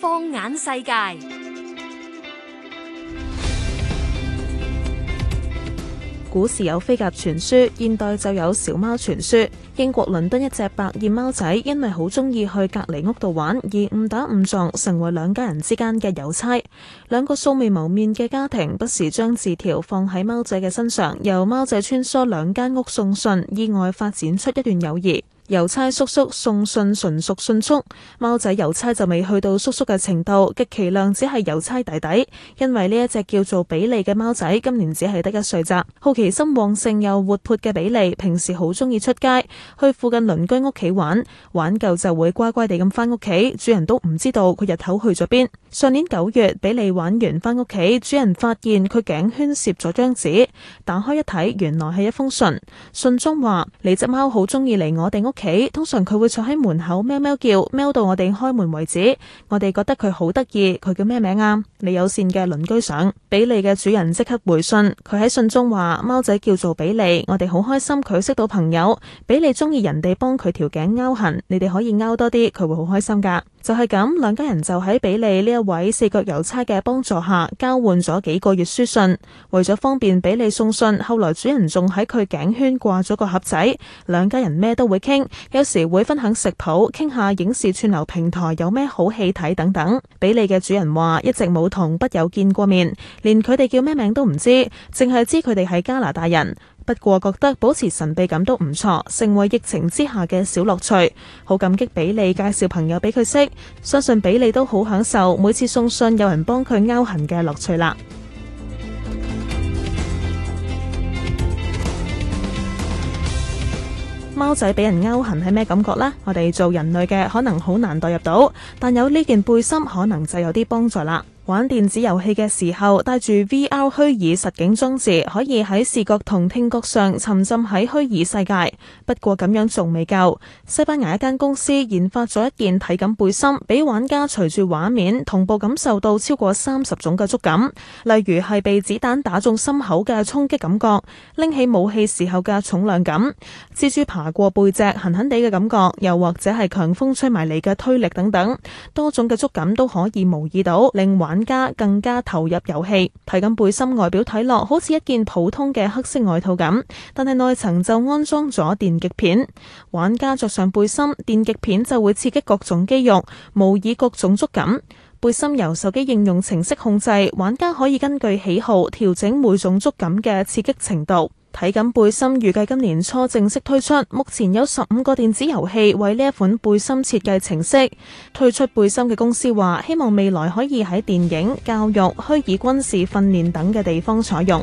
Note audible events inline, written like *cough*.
放眼世界，古時有飛鴿傳書，現代就有小貓傳書。英國倫敦一隻白燕貓仔，因為好鍾意去隔籬屋度玩，而誤打誤撞成為兩家人之間嘅郵差。兩個素未謀面嘅家庭不時將字條放喺貓仔嘅身上，由貓仔穿梭兩間屋送信，意外發展出一段友誼。郵差叔叔送信純屬迅速，貓仔郵差就未去到叔叔嘅程度，極其量只係郵差弟弟。因為呢一隻叫做比利嘅貓仔，今年只係得一歲咋。好奇心旺盛又活潑嘅比利，平時好中意出街，去附近鄰居屋企玩玩夠就會乖乖地咁翻屋企，主人都唔知道佢日頭去咗邊。上年九月，比利玩完翻屋企，主人發現佢頸圈攝咗張紙，打開一睇，原來係一封信。信中話：你隻貓好中意嚟我哋屋通常佢會坐喺門口喵喵叫，喵到我哋開門為止。我哋覺得佢好得意，佢叫咩名啊？你友善嘅鄰居想俾比利嘅主人即刻回信。佢喺信中話貓仔叫做比利，我哋好開心佢識到朋友。比利中意人哋幫佢條頸勾痕，你哋可以勾多啲，佢會好開心㗎。就係咁，兩家人就喺比利呢一位四腳郵差嘅幫助下交換咗幾個月書信。為咗方便比利送信，後來主人仲喺佢頸圈掛咗個盒仔。兩家人咩都會傾，有時會分享食譜，傾下影視串流平台有咩好戲睇等等。比利嘅主人話一直冇同筆友見過面，連佢哋叫咩名都唔知，淨係知佢哋係加拿大人。不過覺得保持神秘感都唔錯，成為疫情之下嘅小樂趣。好感激比利介紹朋友俾佢識，相信比利都好享受每次送信有人幫佢勾痕嘅樂趣啦。貓 *music* 仔俾人勾痕係咩感覺呢？我哋做人類嘅可能好難代入到，但有呢件背心可能就有啲幫助啦。玩電子遊戲嘅時候，帶住 VR 虛擬實景裝置，可以喺視覺同聽覺上沉浸喺虛擬世界。不過咁樣仲未夠，西班牙一間公司研發咗一件體感背心，俾玩家隨住畫面同步感受到超過三十種嘅觸感，例如係被子彈打中心口嘅衝擊感覺，拎起武器時候嘅重量感，蜘蛛爬過背脊痕痕地嘅感覺，又或者係強風吹埋你嘅推力等等，多種嘅觸感都可以模擬到，令玩玩家更加投入遊戲。睇緊背心外表睇落好似一件普通嘅黑色外套咁，但係內層就安裝咗電極片。玩家着上背心，電極片就會刺激各種肌肉，模擬各種觸感。背心由手機應用程式控制，玩家可以根據喜好調整每種觸感嘅刺激程度。睇緊背心，預計今年初正式推出。目前有十五個電子遊戲為呢一款背心設計程式。推出背心嘅公司話，希望未來可以喺電影、教育、虛擬軍事訓練等嘅地方採用。